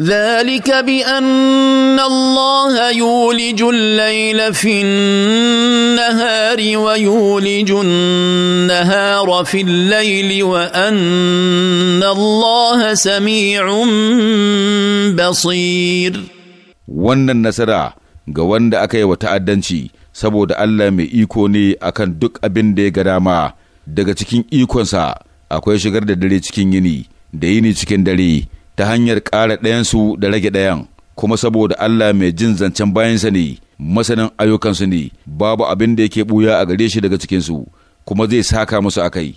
ذلك بان الله يولج الليل في النهار ويولج النهار في الليل وان الله سميع بصير wannan nasara ga wanda aka yi wa ta'addanci saboda Allah mai iko ne akan duk abin da ya ga dama daga cikin ikonsa akwai shigar da dare cikin yini da yini cikin dare ta hanyar ƙara ɗayansu da rage ɗayan kuma saboda Allah mai jin zancen bayansa ne masanin ayyukansu ne babu abin da yake ɓuya a gare shi daga cikinsu kuma zai saka musu akai